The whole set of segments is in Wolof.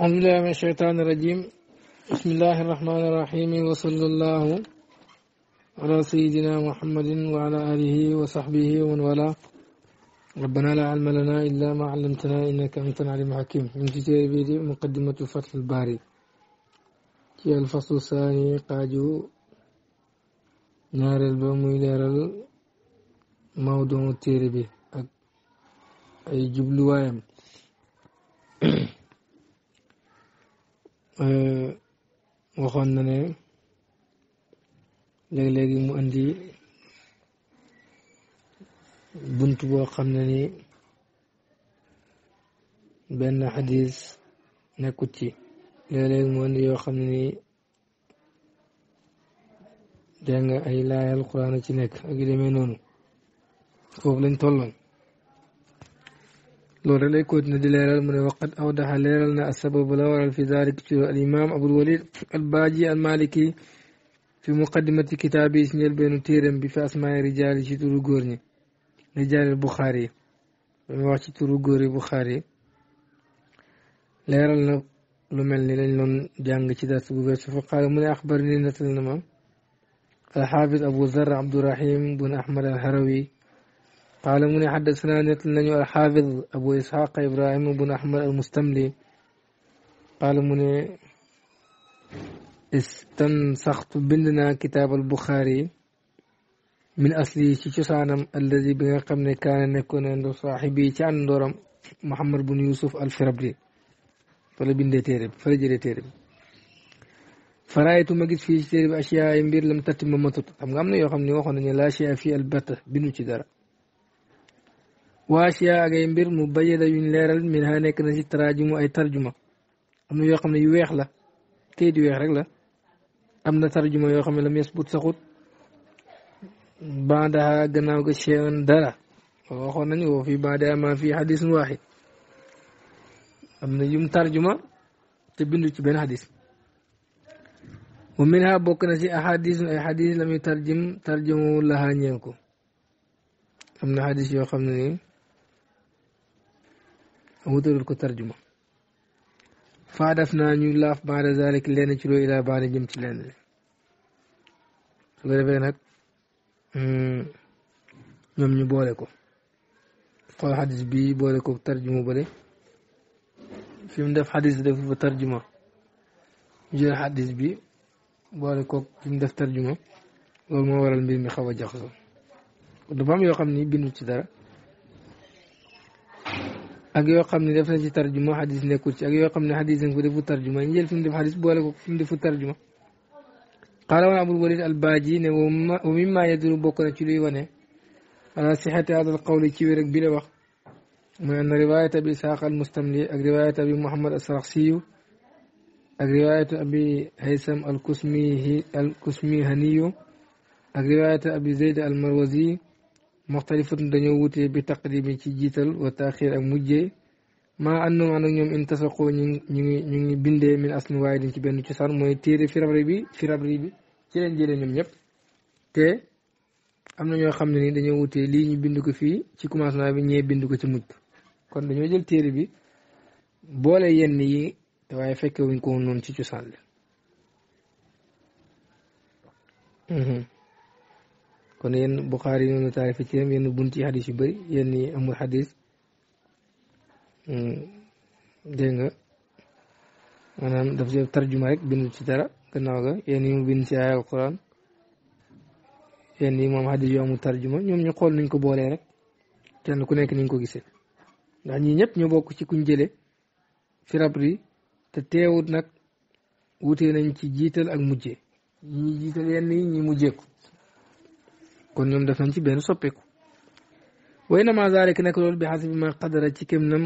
أعوذ بالله من الشيطان الرجيم بسم الله الرحمن الرحيم وصلى الله على سيدنا محمد وعلى آله وصحبه ومن والاه ربنا لا علم لنا إلا ما علمتنا إنك أنت العليم الحكيم من كتاب مقدمة فتح الباري في الفصل الثاني قاجو نار البوم إلى موضوع التيربي أي جبل وايم waxoon na ne léegi-léegi mu andi bunt boo xam ne ni benn xadis nekkut ci léeg-léeg mu andi yoo xam ne ni dégg nga ay laayal quraan ci nekk ak yu demee noonu foofu lañ tolloon لورالي كود ندلال من وقد أودح لنا السبب الأول في ذلك الإمام أبو الوليد الباجي المالكي في مقدمة كتابه سنيل بن تيرم بفي أسماء رجال شتورو غورني رجال البخاري وشتورو غوري بخاري ليرالنا لمن لنلن جانج شداس بوغيس فقال من أخبرني نتلنا الحافظ أبو ذر عبد الرحيم بن أحمد الهروي قال من حدثنا نتلني الحافظ أبو إسحاق إبراهيم بن أحمد المستملي قال من استنسخت بندنا كتاب البخاري من أصلي شيشانم الذي بنا قمنا كان نكون عند صاحبي كان دورم محمد بن يوسف الفربلي طلب بن تيرب فرج تيرب فرأيت ما جيت في تيرب أشياء يمبير لم تتم ممتط هم قامنا يوخم نيوخم لا شيء في البتة بنو تدرب waasiya ak ay mbir mu bayyada yuñ leeral min ha nekk na ci ay tarjuma am na yoo xam ne yu weex la kayit yu weex rek la am na tarjuma yoo xam ne la mees but saxut bandaha gannaaw ga waxoon nañu woo na yum tarjuma te bindu ci benn xadis wa min ha bokk na ci ahadisun ay xadis la muy tarjim tarjumu lahaa ñeen am na xadis yoo xam ne amu tërul ko tarjuma faa def naa ñu laaf baada zalik lenn ci loo ilaa baada jëm ci lenn li su ko defee nag ñoom ñu boole ko xool xadis bi boole ko tarjuma bële fi mu def xadis def fa tarjuma jël xadis bi boole ko fi mu def tarjuma loolu moo waral mbir mi xaw a jaxasoo dafa am yoo xam ni bindu ci dara ak yoo xam ne def na ci tarjuma xadis nekkul ci ak yoo xam ne xadis nañ ko defu tarjuma ñu jël fi mu def xadis boole ko fi mu defu tarjuma qaala woon abul walid albaaji ne wa mimma yaduru bokk na ci luy wane ala sixati hada alqawli ci wér ak bi la wax mooy ann riwayat abi isaaq almustamli ak riwayat abi muhammad asraxsiyu ak riwayat abi haysam alkusmihi alkusmihaniyu ak riwayat abi zayd almarwazi muxtalifatun dañoo wutee bi taqdimi ci jiital wa taaxir ak mujjee maa àndoon ànd ak ñoom in tasaqoo ñu ngi ñu ngi bindee min aslin waaye dañ ci benn cosaan mooy téere firabri bi firabri bi ci leen jëlee ñoom ñëpp te am na ñoo xam ne ni dañoo wutee lii ñu bind ko fii ci commencement bi ñee bind ko ci mujj kon dañoo jël téere bi boole yenn yi te waaye fekke wuñ ko woon noonu ci cosaan la mhm. kon yenn Buxaari yi noonu taarif ci yéen yenn bunt ci xadis yu bëri yéen ñi amul xadis hmm, dégg nga maanaam daf see tarjuma rek bindu ci dara gannaaw ga yéen yi mu bind ci ay alquran yéen yi moom xadis yu amul tarjuma ñoom ñu xool nuñ ko boolee rek kenn ku nekk ni niñ ko gisee ndax ñi ñëpp ñu bokk ci kuñ jëlee fi rabri te teewut nag wutee nañ ci jiital ak mujjee ñi jiital yenn yi ñi mujjee kon ñoom def nañ ci benn soppeeku way na ma ki nekk loolu bi xasbi ma qadara ci kem nam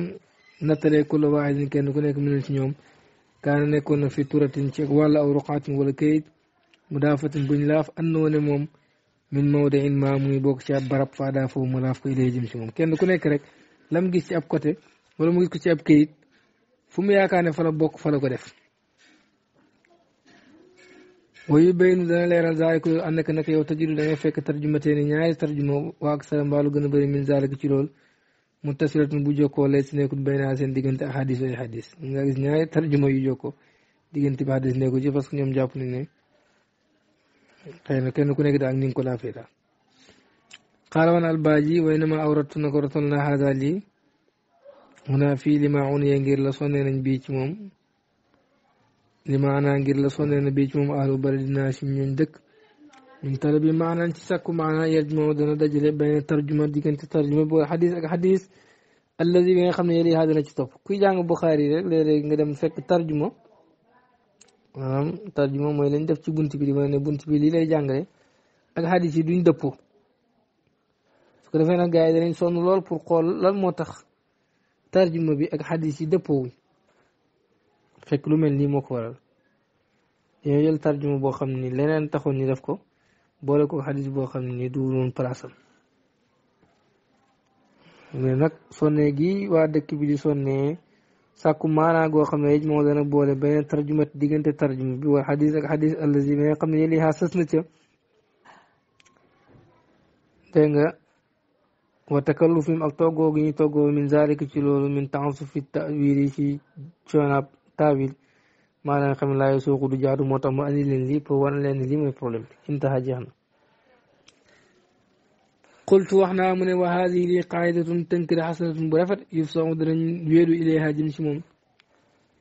nattalee ku la waaxidin kenn ku nekk mine ci ñoom kaana nekkoon na fi turatin ci wàlla aw ruqaatin wala mu daafatin buñ laaf andoo ne moom min mawda in ma muy bokk ci ab barab fa daa foofu mu laaf ko ilay jëm si moom kenn ku nekk rek lam gis ci ab côté wala mu gis ko ci ab këyit fu mu yaakaar ne fa la bokk fa ko def wayu baynu dana leeral zaalika loolu ànd ak nag yow tajidu da ngay fekk tarjumatee ni ñaari tarjuma waag sara mbaalu gën a bëri min zaalika ci loolu mu tasiratun bu jokkoo lay si nekkul baynaa seen diggante ak xadis ay xadis nga gis ñaari tarjuma yu jokkoo diggante bi xadis nekku ci parce ñoom jàpp nañ ne kenn ku nekk daal ni nga ko laafee daal xaalawan albaaji way na ma awratu na ko ratal na xaasa lii hunaa fii li maa uniya ngir la sonnee nañ bii ci moom لما غير لصون النبي جم أهل بلد ناشم يندك من طلب معنى أنت ساكو معنى يجمع دنا دجل بين ترجمة دي كنت ترجمة بو حديث أك حديث الذي بين خم يلي هذا نجتوب كي جانغ بخاري لري عندما فك ترجمة أم نعم، ترجمة ما يلين دفتش بنت بلي ما يلين بنت بلي لا جانغ لي أك حديث يدين دبو فكرة فينا قاعدين صن لول بقول لا متخ fekk lu mel nii moo ko waral yow jël tarjuma boo xam ni leneen taxoon ñu def ko boole ko xadis boo xam ni duwul woon palaasam mais nag sonne gi waa dëkk bi di sonnee sàkku maanaa goo xam ne yëj moo dana boole benn tarjumat diggante tarjuma bi wala xadis ak xadis allazi bi nga xam ne yëli xaa sës na ca dégg nga wa takallufim ak toggoo gi ñu toggoo min zalika ci loolu min taasuf fi tawil yi ci coonaab التاويل ما لا خم لا يسوق دو جادو موتا ما اني لين لي بو وان لين لي مي بروبليم انتهى جهنم قلت وحنا من وهذه لي قاعده تنكر حسنه برفر يفصم درن ويدو اليها جنس موم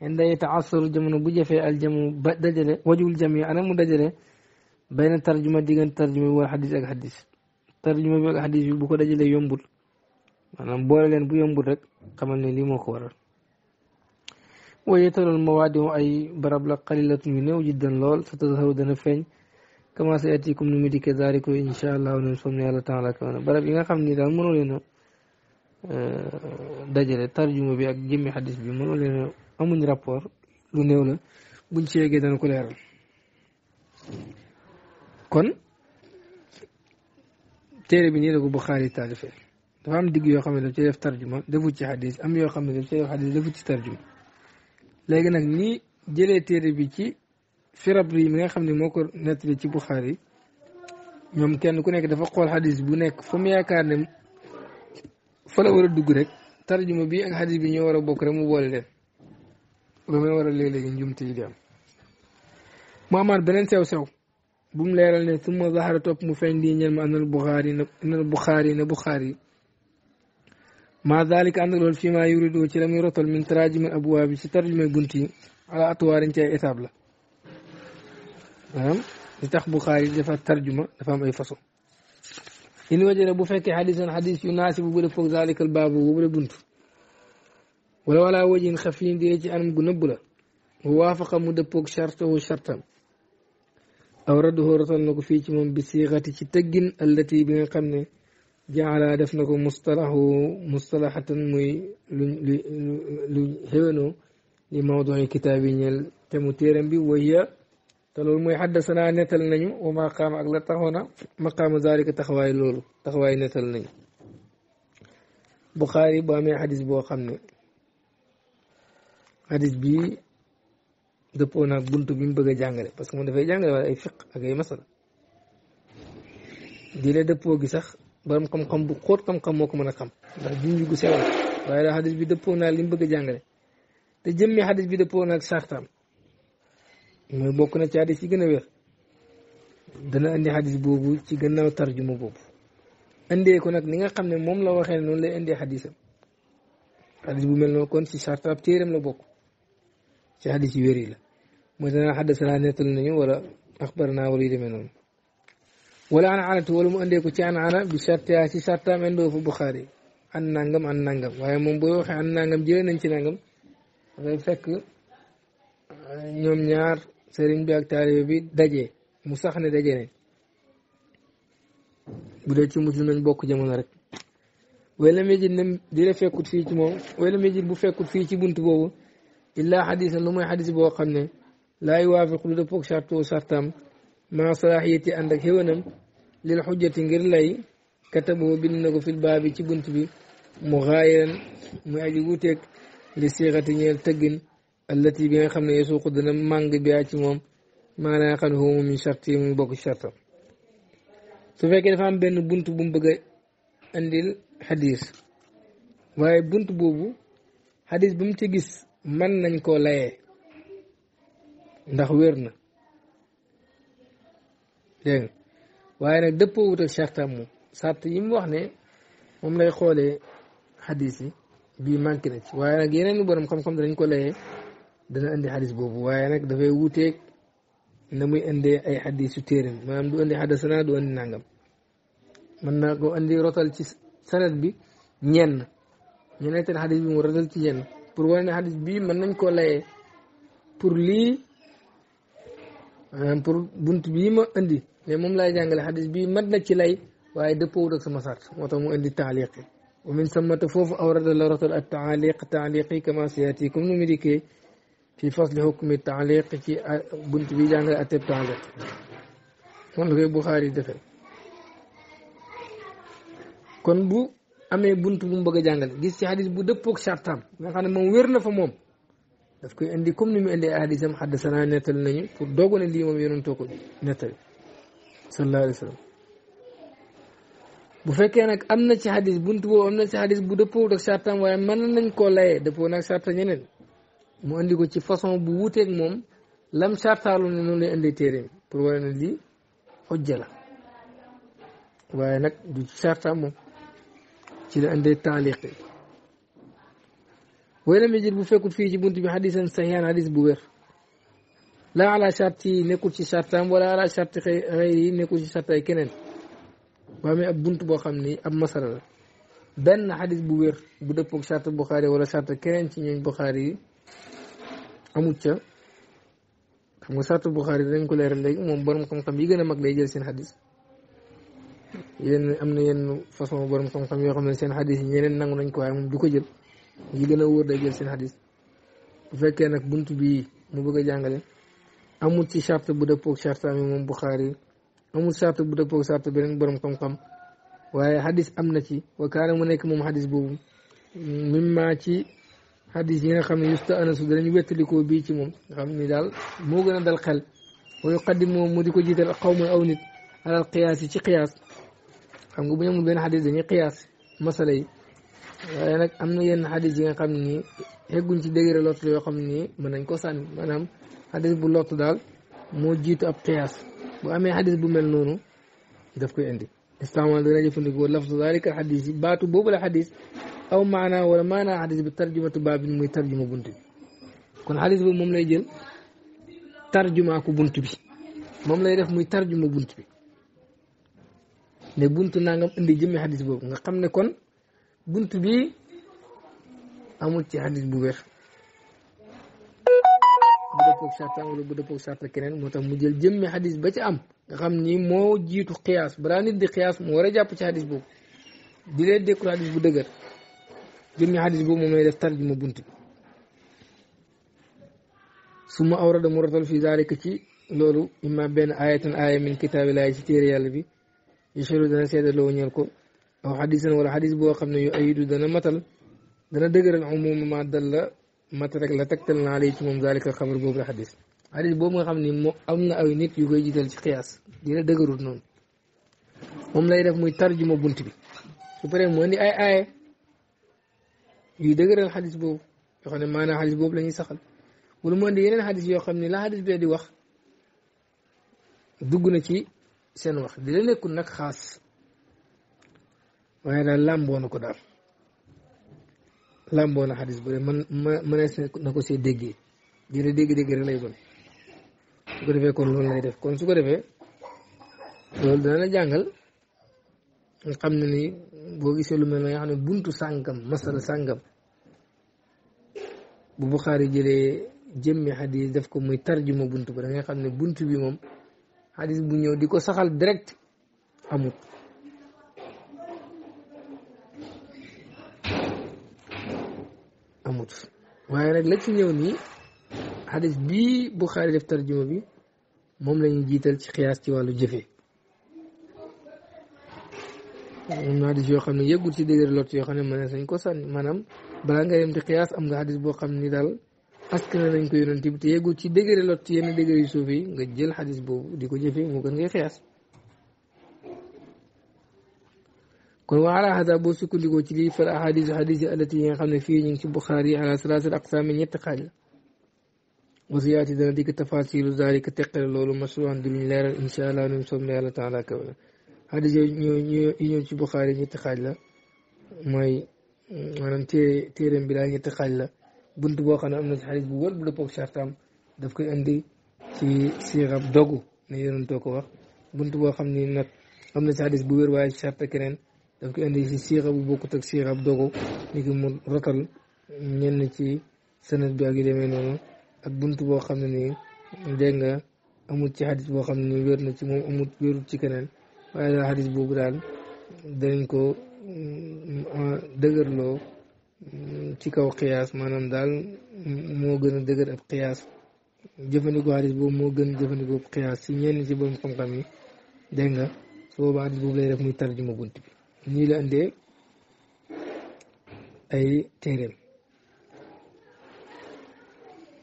عند يتعصر جمن بو جفي الجم بدجل وجه الجميع انا مدجل بين ترجمه ديغن ترجمه والحديث اك حديث ترجمه بك حديث بو كو دجل يومبول manam boole len bu yombul rek xamal ne li moko waral ويتر المواد أي برابلة قليلة منه جدا لول ستظهر دنا فين كما سيأتيكم نمدي كذلك إن شاء الله ونسمع الله تعالى كمان برابلة كم نيران منو لينو آه، دجال ترجمة بي جميع حديث بي منو لينو أمون رابور لنولا بنشي أجي دانو كلير كون تيري بني لغو بخاري تالي فين دفعهم ديجي يو خمي لو تيري ترجمة دفوتي حديث أم يو خمي لو تيري حديث دفوتي ترجمة léegi nag ni jëlee téere bi ci firabri mi nga xam ne moo ko nettali ci Buxaari ñoom kenn ku nekk dafa xool xadis bu nekk fa mu yaakaar ne fa la war a dugg rek tarjuma bi ak xadis bi ñoo war a bokk rek mu boole leen ba muy war a léeg-léegi njumte yi di am mu amaat beneen sew-sew bu mu leeral ne summa zahara topp mu feeñ di ñen ma anal Buxaari na anal مع ذلك عند لول فيما يريد وتلمي رطل من تراجم الأبواب سترجم قنتي على أطوار انتهى إثابلة نعم لتخ بخاري دفع الترجمة نفهم أي فصل إن وجد أبو فك حديثا حديث يناسب بل فوق ذلك الباب وبل بنت ولو على وجه خفي ديجي أنم قنبلة ووافق مدى فوق شرطه شرطا أورده رطل نقفيت من بصيغة تتقن التي بين قمني jaala def na ko mustalahu mustalaxatan muy luñ luñ xéwénoo li mawdoi kitaab yi ñeel te mu téeram bi waya te loolu mooy xaddasanaa nettal nañu wa maqaama ak la taxoona maqaama zalika taxawaay loolu taxawaay nettal nañu Buxaari bu amee xadis boo xam ne xadis bi dëppoo naag bunt bi mu bëgg a jàngale parce que moom dafay jàngale wala ay fiq ak ay masala di la dëppoo gi sax borom xam-xam bu xóot xam-xam moko meuna xam ndax junj gu sewal way la hadith bi dëppoo naa li bëgg jàngale te jëmmi hadith bi dëppoo ak saxtam mooy bokku na ci hadith yi gëna wér dana andi hadith bobu ci gannaaw tarjuma bobu andé ko nak ni nga xamné mom la waxé non lay indee xadisam hadith bu melno kon ci saxtam téeram la bokku ci hadith yi wér yi la mo dana hadith la netul nañu wala akhbarna naa wala yu wala ana anatu wala mu andee ci an ana bi sarta ci sartaam indoo fa Buxaari an nangam an nangam waaye moom booy waxee an nangam jëlee nañ ci nangam dafay fekk euh, ñoom ñaar sëriñ bi ak taalibe bi daje mu sax ne daje ne bu dee ci muslim nañ bokk jamono rek wala méjit ne dina fekkut fii ci moom wala méjit bu fekkut fii ci bunt boobu illaa xadisan lu mooy xadis boo xam ne laay waafiq lu dëppoog sartoo sartaam maa salaaxiyati ànd ak xéwanam lil xujjati ngir lay katabu bind na ko fil bi ci bunt bi mu xaayiran muy aji wuuteeg li siixati ñeel tëggin allati bi nga xam ne yesuuqu dana màng bi ci moom maanaa xam humu min charte yi muy bokk charte su fekkee benn bunt bu mu bëgg indil xadis waaye bunt boobu xadis ba mu ci gis man nañ koo layee ndax wér na dégg waaye nag dëppoo wut ak sartam mu sart yi mu wax ne moom lay xoolee xadis yi bii manqué na ci waaye nag yeneen borom xam-xam dañ ko layee dana indi xadis boobu waaye nag dafay wuuteeg na muy indee ay xadis yu téeram maanaam du indi xadasana du indi nangam mën naa ko indi rotal ci sanad bi ñenn ñu te xadis bi mu rotal ci ñenn pour wane ne xadis bii mën nañ koo layee pour lii pour bunt bi yima indi mais moom laay jàngale xadis bi mat na ci lay waaye dëppoowut ak sama sart moo tax mu indi taaliqi wa min samata foofu awrada la rotal ak taaliq taaliqi kama siyaati comme nu mu dikkee fi ci bunt bi jàngale atteb taaliq noonu la koy Buxaari defee kon bu bunt bu bëgg a jàngale gis ci xadis bu dëppoog sartam nga xam moom wér na fa moom daf koy indi comme ni mu indi ay xadisam xaddasana nettali nañu pour doogu ne lii moom yonentoo ko nettali sallallahu alayhi bu fekkee nag am na ci xadis bunt boobu am na ci xadis bu dëppoo ak sartam waaye mën nañ koo layee dëppoo nag sarta ñeneen mu andi ko ci façon bu wuuteeg moom lam sartaalu ne noonu lay indi téere pour wane ne lii xojja la waaye nag du ci moom ci la indee taaliq yi. wala mi jël bu fekkul fii ci buntu bi xadisan sahihan xadis bu wér. laa ala charte yi nekkul ci chartam wala ala charte ay keneen waa mais ab bunt boo xam ni ab masala la benn xadis bu wér bu dëppoog charte Buxaari wala charte keneen ci ñooñ Buxaari yi amut ca xam nga charte Buxaari dañ ko leer léegi moom borom xam-xam yi gën a mag day jël seen xadis yenn am na yenn façon borom xam-xam yoo xam ne seen xadis yi nangu nañ ko waaye du ko jël yi gën a wóor day jël seen xadis bu fekkee nag bunt bi mu bëgg a jàngale amul ci charte bu dëppoog charte ami moom Buxaari amul charte bu dëppoog charte beneen borom xam-xam waaye hadis am na ci wa kaana mu nekk moom hadis boobu mimma ci hadis yi nga xam ne yusta anasu danañ wettalikoo bii ci moom nga xam ni daal gën a dal xel wa yuqaddimu mu di ko a xawmun aw nit alal qiyaas yi ci qiyaas xam nga bu ñu amul benn xadis dañuy qiyaas masala yi waaye nag am na yenn xadis yi nga xam ni xegguñ ci dégëra lott yoo xam ni ma nañ ko sànni maanaam حديث بلوط دال مو جيت اب قياس بو امي حديث بو مل نونو داف كوي اندي استعمال دنا جيفن ديكو لفظ ذلك الحديث باتو بوبو الحديث او معنى ولا معنى حديث بالترجمة باب مي ترجمة بنت كون حديث بو مملاي جيل ترجمة كو بنت بي مملاي ريف مي ترجمة بنت بي ne buntu nangam indi jëmmé hadith bobu nga xamné kon buntu bi amul ci hadith bu wér dëppoog sartaan wala bu dëppoog sartaan keneen moo tax mu jël jëmmi xadis ba ci am nga xam ni moo jiitu xiyaas balaa nit di xiyaas mu war a jàpp ci xadis boobu di leen dékku xadis bu dëgër jëmmi xadis boobu moom lay def tarjuma bunt bi suma awrada mu rotal fi zalika ci loolu imma benn ayatan aaya min kitaabillahi ci téere yàlla bi yushiru dana seedaloo ñeel ko aw xadisan wala xadis boo xam ne yu ayidu dana matal dana dëgëral umuma ma dalla mat rek la tegtal naa lii ci moom zalika xabar boobu la xadis xadis boobu nga xam ni moo am na ay nit yu koy jiital ci xiyaas dina dëgërut noonu moom lay def muy tarjuma bunt bi su paree moo indi ay aaye yuy dëgëral xadis boobu yoo xam ne maanaa xadis boobu la ñuy saxal wala moo indi yeneen xadis yoo xam ne la xadis bee di wax dugg na ci seen wax dina nekkul nag xaas waaye daal làmboona ko daal làmboo na xadis bu ne man ma mënees na ko see déggee dina dégg-dégg rek lay doon su ko defee kon loolu lay def kon su ko defee loolu dana la jàngal nga xam ne ni boo gisee lu mel ne nga xam ne buntu sàngam masala sàngam bu Buxaari jëlee jëmmi xadis def ko muy tarjuma bunt ba da ngay xam ne bunt bi moom xadis bu ñëw di ko saxal direct amut waaye nag la ci ñëw nii xadis bii Buxaari def tarjuma bi moom lañuy jiital ci xiyaas ci wàllu jëfe moom na xadis yoo xam ne yëgul ci dëgër lot yoo xam ne mën ne sañ ko sànni maanaam balaa nga yem ci xiyaas am nga xadis boo xam ni daal askan nañ ko yonent bi te yëgul ci dëgër lot yenn dëgër yu suuf yi nga jël xadis boobu di ko jëfee moo gën ngay xiyaas كن وعلى هذا بوس كل جوتلي في الأحاديث الحديث التي يخلنا في ينك بخاري على ثلاثة من يتقال وزيادة ذلك تفاصيل ذلك تقل لول مشروع عند الله إن شاء الله نسمى الله تعالى كبر هذا جو نيو نيو ينو بخاري يتقال ماي أنا تي تيرن بلا يتقال بنت بوخنا أمنا الحديث بول بلو بوك شرطام دفك عندي في سيغب دوغو نيرن توكو بنت بوخنا أمنا الحديث بوير واي شرطة كرين daf ko indi si siixa bu bokkut ak siixa ab dogo ni ki mu rotal ñenn ci sanad bi ak yu demee noonu ak bunt boo xam ne nii dégg nga amul ci xadis boo xam ne nii wér na ci moom amul wérut ci keneen waaye daal xadis boobu daal danañ ko mm, ah, dëgërloo mm, ci kaw xiyaas maanaam daal moo gën a dëgër ab xiyaas jëfandikoo xadis boobu moo gën jëfandikoo xiyaas si ñenn ci borom xam-xam yi dégg nga su boobaa xadis boobu lay def muy tarjuma bunt bi nii la indee ay téeréem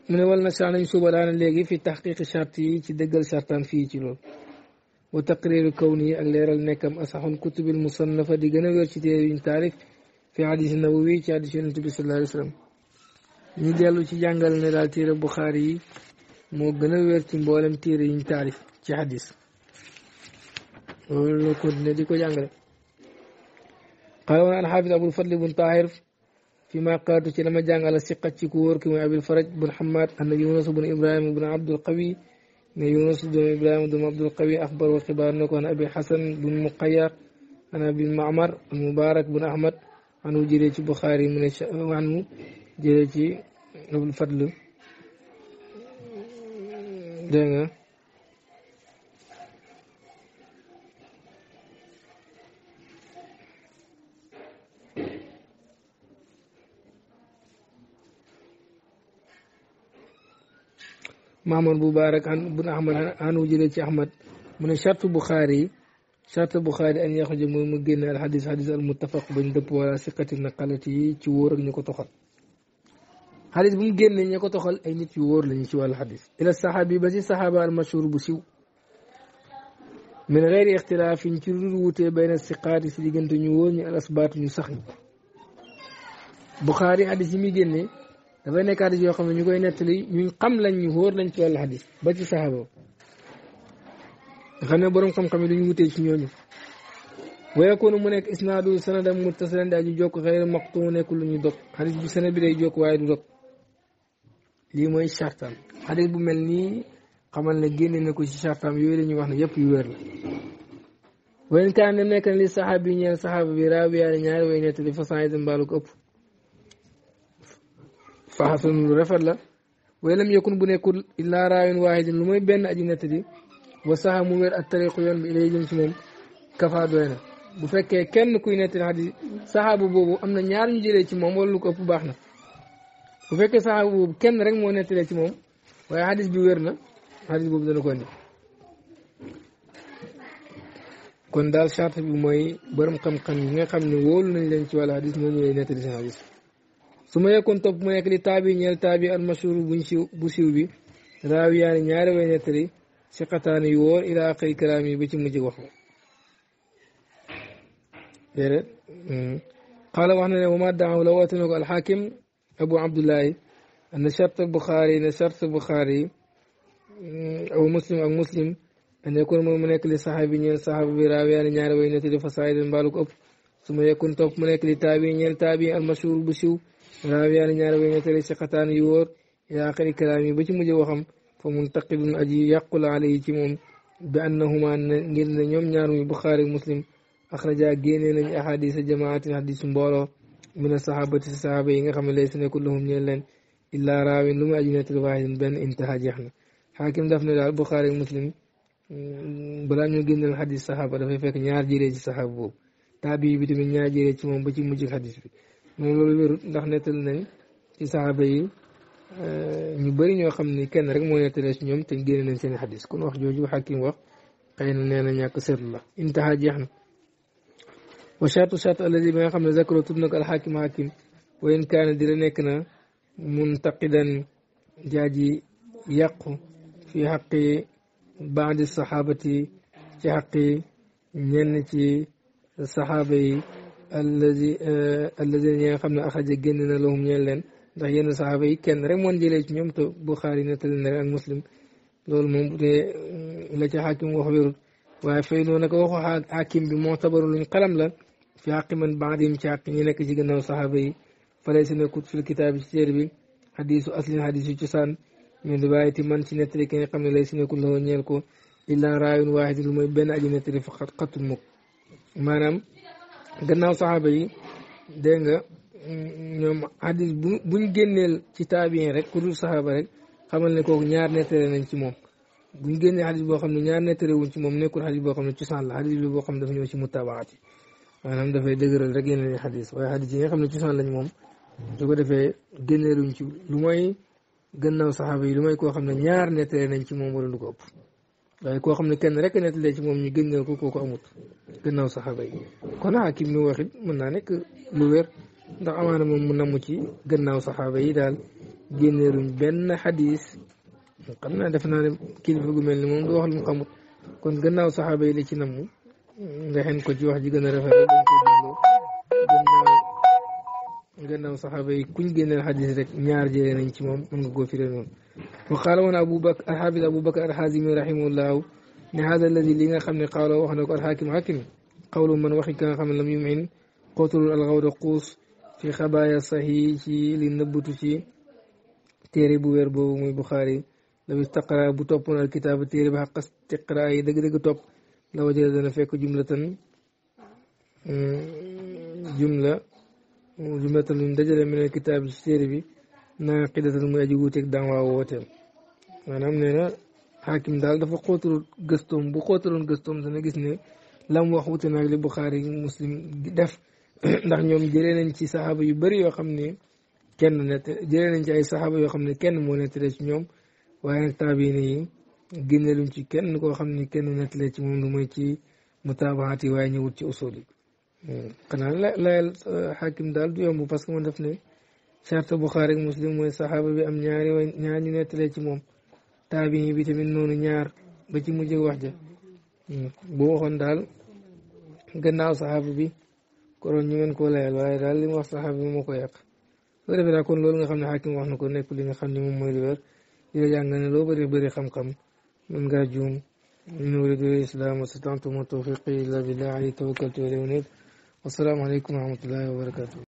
mu ne wal na saa nañ suba daana léegi fi taxqiqi charte yi ci dëggal chartaan fii ci loolu wa taqriru kawni ak leeral nekkam asaxun kutubil musannafa di gën a wér ci téere yuñ taarif fi na nawawi ci hadis ñu dellu ci jàngal ne daal téere buxaari yi moo gën a wér ci mboolem téere yuñ taarif ci hadis loolu la di ko jàngale قال وانا الحافظ ابو الفضل بن طاهر فيما قالت لما جان على ثقه تشكور كما ابي الفرج بن حماد ان يونس بن ابراهيم بن عبد القوي ان يونس بن ابراهيم بن عبد القوي اخبر وخبار عن ابي حسن بن مقيق عن ابي المعمر المبارك بن احمد عن جريج البخاري من عن جريج ابو الفضل دينا. maamoon bu baarak an bun ahmad anu jëlee ci ahmad mu ne charte buxaari charte buxaari an yaxruja mooy mu génne al xadis xadis al muttafaq bañ dëpp wala siqati naqalati yi ci wóor ak ñu ko toxal xadis bu mu génnee ñu ko toxal ay nit yu wóor lañu ci wàllu xadis ila saxaabi ba si saxaaba al mashhur bu siw min gayri ixtilaafin ci lu wutee bayna siqaati si diggante ñu wóor ñu al asbaatu ñu sax ñi buxaari xadis yi muy génnee dafay nekk xadis yoo xam ne ñu koy nettali ñu xam lañ ñu wóor lañ ci wàllu xadis ba ci saxaaba nga xam ne borom xam-xam yi duñu wutee ci ñooñu mu nekk isnaadu sanadam muttasilan daa ju jokk xëyra maqtu mu nekk lu ñu dog xadis bi sanad bi day jokk waaye du dog lii mooy chartam xadis bu mel nii xamal ne génne na ko ci chartam yooyu la ñuy wax ne yëpp yu wér la kaan nekk na li saxaabi yi ñeel saxaaba bi raawiyaani ñaari way nettali façon yi mbaalu ko ëpp fa xasanun lu rafet la way lam yakun bu nekkul illaa raawin waahidin lu mooy benn aji nett di wa saxa mu wér ak tariqu yoon bi ilay jëm si moom kafa doy na bu fekkee kenn kuy nettali xadis boobu am na ñaar ñu ci moom wala ko ëpp baax na bu boobu kenn rek moo nettalee ci moom waaye bi wér na xadis boobu dana kon daal charte bi mooy borom xam-xam ni nga xam ne wóolu nañ leen ci wàllu xadis ñoo ñëwee nettali seen xadis su ma yekkoon topp mu nekk li taabi ñeel taabi al mashhur buñ siw bu siw bi raawiyaani ñaari way nettali si xataani yu wóor ilaa xëy kalaam yi ba ci mujj wax déedéet xaala mm. wax na ne wama daaw la woote na ko alxakim abu abdullahi na chart buxaari ne chart buxaari mm, aw muslim ak muslim nekkoon moom mu nekk li saxaabi ñeel saxaaba bi raawiyaani ñaari way nettali fa saaydan mbaalu ko ëpp su ma yekkoon topp mu nekk li taabi ñeel taabi al mashhur bu siw رابع يعني نيار بين تلي سقطان يور إلى آخر كلامي بجم جوهم فمنتقد أجي يقول عليه جمون بأنهما نجلن يوم نيار بخاري مسلم أخرجا جينين أحاديث جماعة حديث مبارو من الصحابة الصحابين خم ليس كلهم نيلن إلا رابع لما أجينا تلواهد بين انتهى جحنا حاكم دفن البخاري مسلم بلا ñu gënë hadith sahaba da fay fekk ñaar jëre ci sahaba bobu tabi bi tamit ñaar jëre ci mom ba ci mujj hadith bi moom loolu wérut ndax nettal nañ ci saxaaba yi ñu bëri ñoo xam ni kenn rek moo nettalee ci ñoom te génne nañ seen i xadis kon wax jooju xakim wax xëy na nee na ñàkk seetlu la intaha jeex na wa shaatu shaatu alladi ba nga xam ne zakaro tudd na ko alxakim xakim wa in kaana di la nekk na muntaqidan jaaji yàqu fi xaqi baadi saxaabati ci xaqi ñenn ci saxaaba yi الذي آه، الذين يا خمنا أخرج جننا لهم يلن ده ين صحابة يكن رم وان جلش ميم تو بخاري نتل نرى المسلم لول مم بدي آه، لجح حاكم وخبر وافيلو نك وخو حاكم بمعتبر لين قلم لا في حاكم بعدهم شاكين ينك جننا صحابة فليس نكوت في الكتاب الشربي حديث أصل حديث جسان من رواية من سنتري كان قمنا ليس نكون له نيلكو إلا راي واحد المهم بين أجنتري فقط قتل مك مانام gannaaw saxaaba yi dégg nga ñoom hadis bu buñ génneel ci taabiin rek ku dul saxaaba rek xamal ne kooku ñaar ne nettale nañ ci moom buñ génnee hadis boo xam ne ñaar nettale wuñ ci moom nekkul hadis boo xam ne cosaan la hadis bi boo xam ne dafa ñëw ci mutabaati maanaam dafay dëgëral rek yeneen hadis waaye hadis yi nga xam ne cosaan lañ moom su ko defee génneeluñ ci lu mooy gannaaw saxaaba yi lu mooy koo xam ne ñaar nettale nañ ci moom wala lu ko ëpp waaye koo xam ne kenn rekk nekk lee ci moom ñu gënnal ko kooku amut gënnaaw saxaaba yi kon xakim mi wax it mën naa nekk lu wér ndax amaana moom mu namu ci gënnaaw saxaaba yi daal génneeruñ benn xadis xam naa def naa ne kilifa gu mel ni moom du wax lu mu xamut kon gannaaw saxaaba yi la ci namu nga xen ko ci wax ji gën a rafet dañ ko dundoo gënnaaw saxaaba yi kuñ génneel xadis rek ñaar jëlee nañ ci moom mën nga koo firee noonu وقال من أبو بكر الحافظ أبو بكر الحازمي رحمه الله إن هذا الذي لنا خمن قال وحنك الحاكم حاكم قول من وحك خمن لم يمعن قتل الغور قوس في خبايا صحيح للنبوت في تيري بوير بو بخاري لو استقرا بو توبون الكتاب تيري بحق استقرا اي دق دق توب لو جلدنا فيك جملة جملة جملة من دجل من الكتاب السيري بي ناقدة المؤجوتك دعوة ووتر manam neena hakim dal dafa xóotalul gëstum bu xóotaloon gëstum dana gis ne lam wax wute naag li bukhari muslim def ndax ñoom jëlee nañ ci sahaba yu bari yo xamne kenn nett jëlee nañ ci ay sahaba yo xamne kenn mo moo nettalee ci ñoom waye tabiini taabiine yi génneluñ ci kenn koo xam ne kenn nettalee ci mom lu moy ci mutabaati yi waaye ñëwut ci usul yi xanaa la layal xaakim daal du yomb parce que mo def ne charte Buxaari muslim mooy saxaaba bi am ñaari ñaar ñu nettalee ci moom taabiin bi tamit noonu ñaar ba ci mujj wax ja hmm. bu waxoon daal gannaaw saxaaba bi koroon ñu mën koo layal daal li mu wax saxaaba bi moo ko yàq soo defee daal kon loolu nga xam ne xaakim wax na ko nekk li nga xam ne moom mooy lu wér di la ne loo bëri bëri xam-xam mën ngaa juum in uriidu illal islaah mastata'tu wa ma tawfiiqii illaa billaah alayhi tawakkaltu wa ilayhi uniib wassalaamu aleykum wa rahmatullaahi